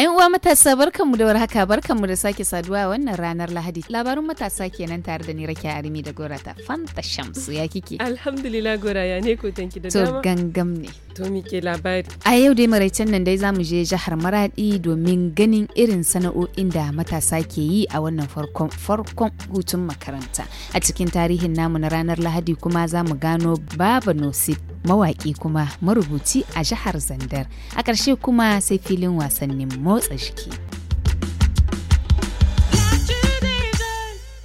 'Yan uwa matasa barkanmu da warhaka barkanmu da sake saduwa wannan ranar Lahadi. Labarin matasa kenan tare da ni Rake Arimi da Gora ta Fanta Shamsu ya kike. Alhamdulillah Gora ya ne ko tanki da dama. To gangam ne. To ke labari. A yau dai maraicen nan dai zamu je jihar Maradi domin ganin irin sana'o'in da matasa ke yi a wannan farkon farkon hutun makaranta. A cikin tarihin namu na ranar Lahadi kuma zamu gano Baba Nosip mawaƙi kuma marubuci a jihar Zandar. A ƙarshe kuma sai filin wasannin motsa jiki.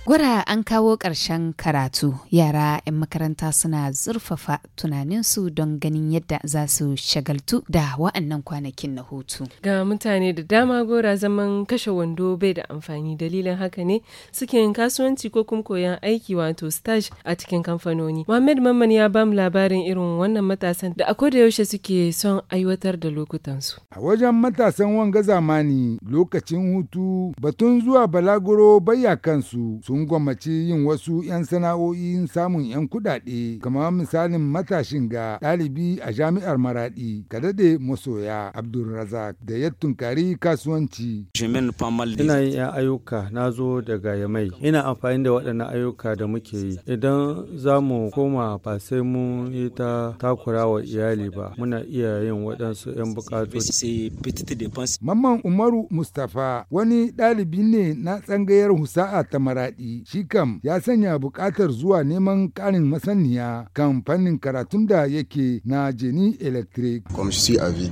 Gwara an kawo ƙarshen karatu yara 'yan makaranta suna zurfafa tunaninsu don ganin yadda za su shagaltu da wa'annan kwanakin na hutu. Ga mutane da dama gora zaman kashe wando bai da amfani dalilin haka ne suke yin kasuwanci ko kuma koyan aiki wato stage a cikin kamfanoni. Muhammad Mamman ya bamu labarin irin wannan matasan da a da yaushe suke son aiwatar da lokutansu. A wajen matasan wanga zamani lokacin hutu batun zuwa balaguro bayya kansu sun gwammaci yin wasu 'yan sana'o'in samun 'yan kudade kamar misalin matashin ga ɗalibi a jami'ar maraɗi kadade masoya abdulrazak da ya tunkari kasuwanci. ina yin 'yan ayyuka na zo daga yamai ina amfani da waɗannan ayyuka da muke yi idan za mu koma ba sai mun yi ta takura wa iyali ba muna iya yin waɗansu 'yan bukatu mamman umaru mustapha wani ɗalibi ne na tsangayar husa'a ta maraɗi faɗi shi kam ya sanya buƙatar zuwa neman ƙarin masaniya kan fannin karatun da yake na Jeni Electric.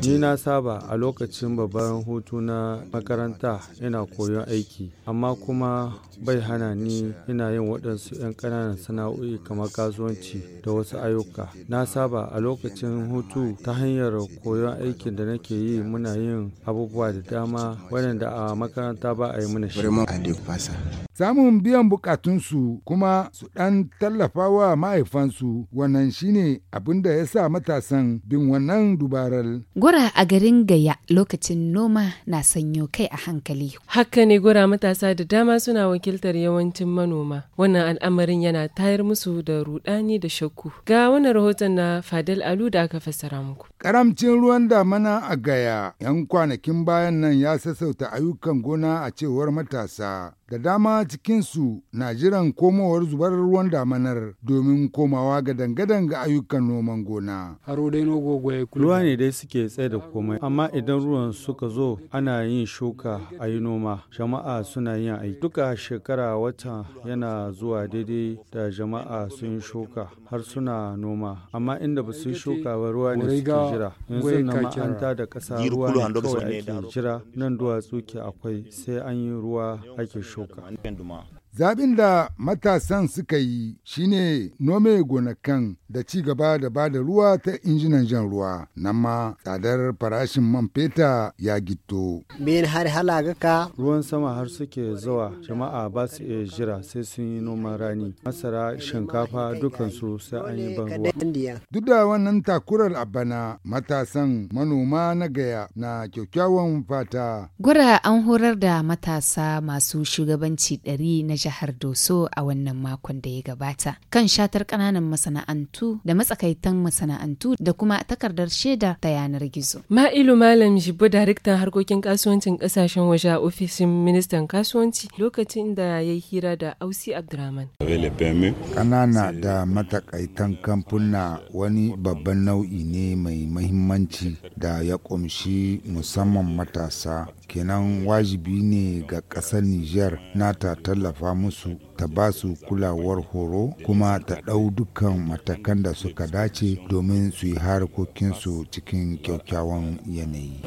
Ni na saba a lokacin babban hutu na makaranta ina koyon aiki amma kuma bai hana ni ina yin waɗansu 'yan ƙananan sana'o'i kamar kasuwanci da wasu ayyuka. Na saba a lokacin hutu ta hanyar koyon aikin da nake yi muna yin abubuwa da dama waɗanda a makaranta ba a yi mana shi. samun biyan bukatunsu kuma su ɗan tallafa wa mahaifansu wannan shine abin da ya sa matasan bin wannan dubarar. Gura a garin gaya lokacin noma na sanyo kai a hankali. Haka ne gura matasa da dama suna wakiltar yawancin manoma. Wannan al'amarin yana tayar musu da rudani da shakku. Ga wannan rahoton na Fadal Alu da aka fassara muku. Karamcin ruwan damana a gaya 'yan kwanakin bayan nan ya sassauta ayyukan gona a cewar matasa. da dama cikinsu na jiran komowar zubar ruwan damanar domin komawa ga danga-danga ayyukan noman gona. Ruwa ne dai suke tsaye da komai, amma idan ruwan suka zo ana yin shuka a yi noma, jama'a suna yin aiki. Duka shekara wata yana zuwa daidai da jama'a sun shuka har suna noma, amma inda ba su shuka ba ruwa ne suke jira. Yanzu na ma'anta da ƙasa ruwa ne kawai ake jira, nan duwatsu ke akwai sai an yi ruwa ake shuka. kuruhuka Zaɓin da matasan suka yi shine nome gonakan da ci gaba da ba da ruwa ta injinan jan ruwa, nan ma tsadar farashin man feta ya gito. Min har halaga ka? Ruwan sama har suke zuwa, jama'a ba su iya jira sai sun yi noman rani. Masara, shinkafa dukansu sai an yi ban ruwa. Duk da wannan takurar a bana, matasan manoma na gaya na kyakkyawan fata. gura an horar da matasa masu shugabanci ɗari na jihar Doso a wannan makon da ya gabata kan shatar kananan masana'antu da matsakaitan masana'antu da kuma takardar shaida ta yanar gizo. Ma'ilu Malam Jibbo daraktan harkokin kasuwancin kasashen waje a ofishin ministan kasuwanci lokacin da ya yi hira da Ausi Abdurrahman. Ƙanana da matakaitan kamfuna wani babban nau'i ne mai mahimmanci da ya ƙumshi musamman matasa kenan wajibi ne ga ƙasar Nijar na ta tallafa musu ta ba su kulawar horo kuma ta ɗau dukkan matakan da suka dace domin su yi harkokinsu cikin kyakkyawan yanayi.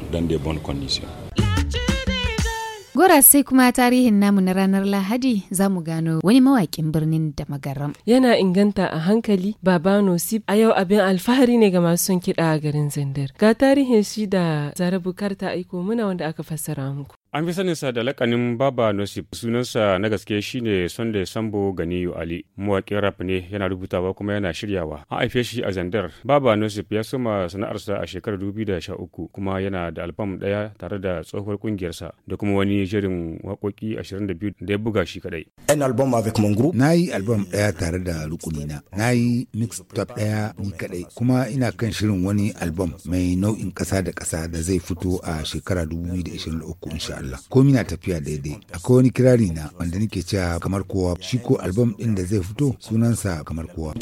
Gora sai kuma tarihin namu na ranar Lahadi za mu gano wani mawaƙin birnin da magaram. Yana inganta a hankali Baba Nosib a yau abin alfahari ne ga masu son kiɗa a garin Zandar. Ga tarihin shi da zarabu ta aiko muna wanda aka fassara muku. An fi sa da lakanin Baba Nosif sunansa na gaske shine Sunday Sambo Ganiyu Ali. Mawaƙin rap ne yana rubutawa kuma yana shiryawa. An haife shi a Zandar. Baba Nosif ya soma sana'arsa a shekarar uku kuma yana da alfam ɗaya tare da tsohuwar ƙungiyarsa da kuma wani jerin waƙoƙi biyu da ya buga shi kaɗai. An album avec mon group. Na yi album ɗaya tare da rukunina. Na yi mixtape ɗaya ni kaɗai. Kuma ina kan shirin wani albam mai nau'in ƙasa da ƙasa da zai fito a shekara uku insha Allah ko mina tafiya daidai akwai wani kirari na wanda nake cewa kamar kowa shi ko albam ɗin da zai fito sunansa kamar kowa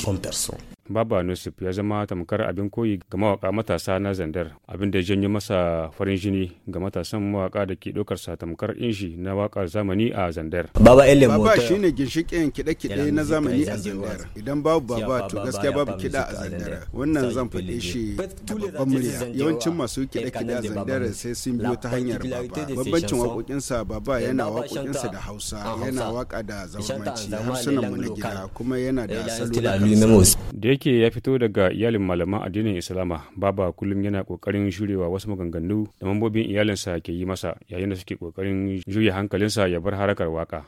Baba Nusuf ya zama tamkar abin koyi ga mawaka matasa na Zandar, abin da janyo masa farin jini ga matasan mawaka da ke ɗaukar sa tamkar inshi na waka zamani a Zandar. Baba Ellen Baba shine ginshiƙin kiɗe-kiɗe na zamani a Zandar. Idan babu Baba to gaskiya babu kiɗa a Zandar. Wannan zan faɗe shi babban murya. Yawancin masu kiɗe-kiɗe a Zandar sai sun biyo ta hanyar Baba. Babbancin waƙoƙinsa Baba eh, yana waƙoƙinsa da Hausa, yana waƙa da zamanci, harsunan mu na gida kuma yana da eh, salula. yake ya fito daga iyalin malaman addinin Islama, Baba kullum yana kokarin shirewa wasu maganganu da mambobin iyalinsa ke yi masa yayin da suke kokarin juya hankalinsa ya bar harakar waka.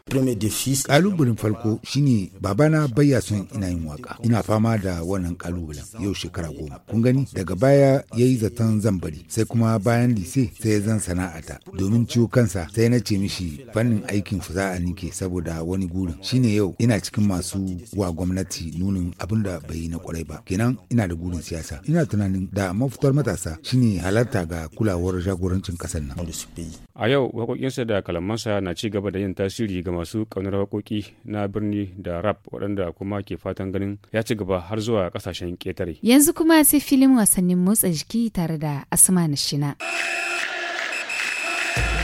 Kalubalen farko shine babana baya son ina yin waka. Ina fama da wannan kalubalen yau shekara goma. Kun gani daga baya ya yi zaton zan bari sai kuma bayan lise sai ya zan sana'ata domin ciwo kansa sai na ce mishi fannin aikin a nike saboda wani gurin shine yau ina cikin masu wa gwamnati nunin abin da bai yi na kwarai ba kenan ina da burin siyasa ina tunanin da mafitar matasa shine halarta ga kulawar jagorancin kasar nan a yau waƙoƙinsa da kalamansa na ci gaba da yin tasiri ga masu ƙaunar waƙoƙi na birni da rap waɗanda kuma ke fatan ganin ya ci gaba har zuwa ƙasashen ƙetare yanzu kuma sai filin wasannin motsa jiki tare da asma na shina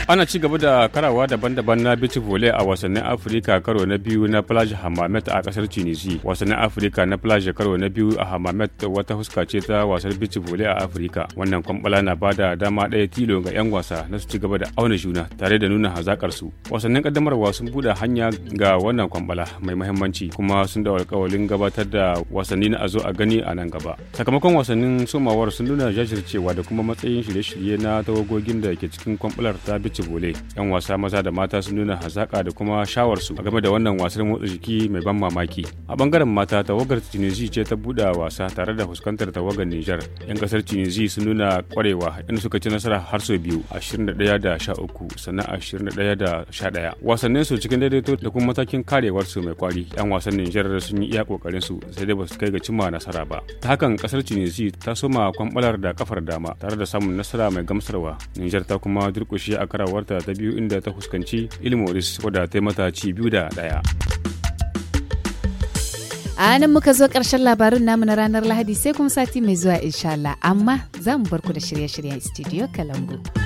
ana ci gaba da karawa daban-daban na beach vole a wasannin afirka karo na biyu na plage hamamet a kasar tunisi wasannin afirka na plage karo na biyu a hamamet wata huska ce ta wasar beach vole a afirka wannan kwambala na ba da dama ɗaya tilo ga 'yan wasa na su ci gaba da auna juna tare da nuna hazakar su wasannin kaddamarwa sun buɗe hanya ga wannan kwambala mai muhimmanci kuma sun da alkawalin gabatar da wasanni na azo a gani a nan gaba sakamakon wasannin somawar sun nuna jajircewa da kuma matsayin shirye-shirye na tawagogin da ke cikin kwambalar ta beach bole yan wasa maza da mata sun nuna hazaka da kuma shawarsu game da wannan wasan motsa jiki mai ban mamaki a bangaren mata tawagar tunisia ce ta buɗe wasa tare da fuskantar tawagar niger yan kasar tunisia sun nuna kwarewa yan suka ci nasara har sau biyu 21 da 13 sannan 21 da 11 wasannin su cikin daidaito da kuma matakin karewar su mai kwari yan wasan niger sun yi iya kokarin su sai dai ba su kai ga cimma nasara ba ta hakan kasar tunisia ta soma kwambalar da kafar dama tare da samun nasara mai gamsarwa niger ta kuma durkushe a kara karawarta ta biyu inda ta fuskanci ilmoris wadda ta mata ci biyu da daya a nan muka zo ƙarshen labarin namu na ranar lahadi sai kuma sati mai zuwa insha Allah amma za mu bar da shirye-shiryen studio kalangu.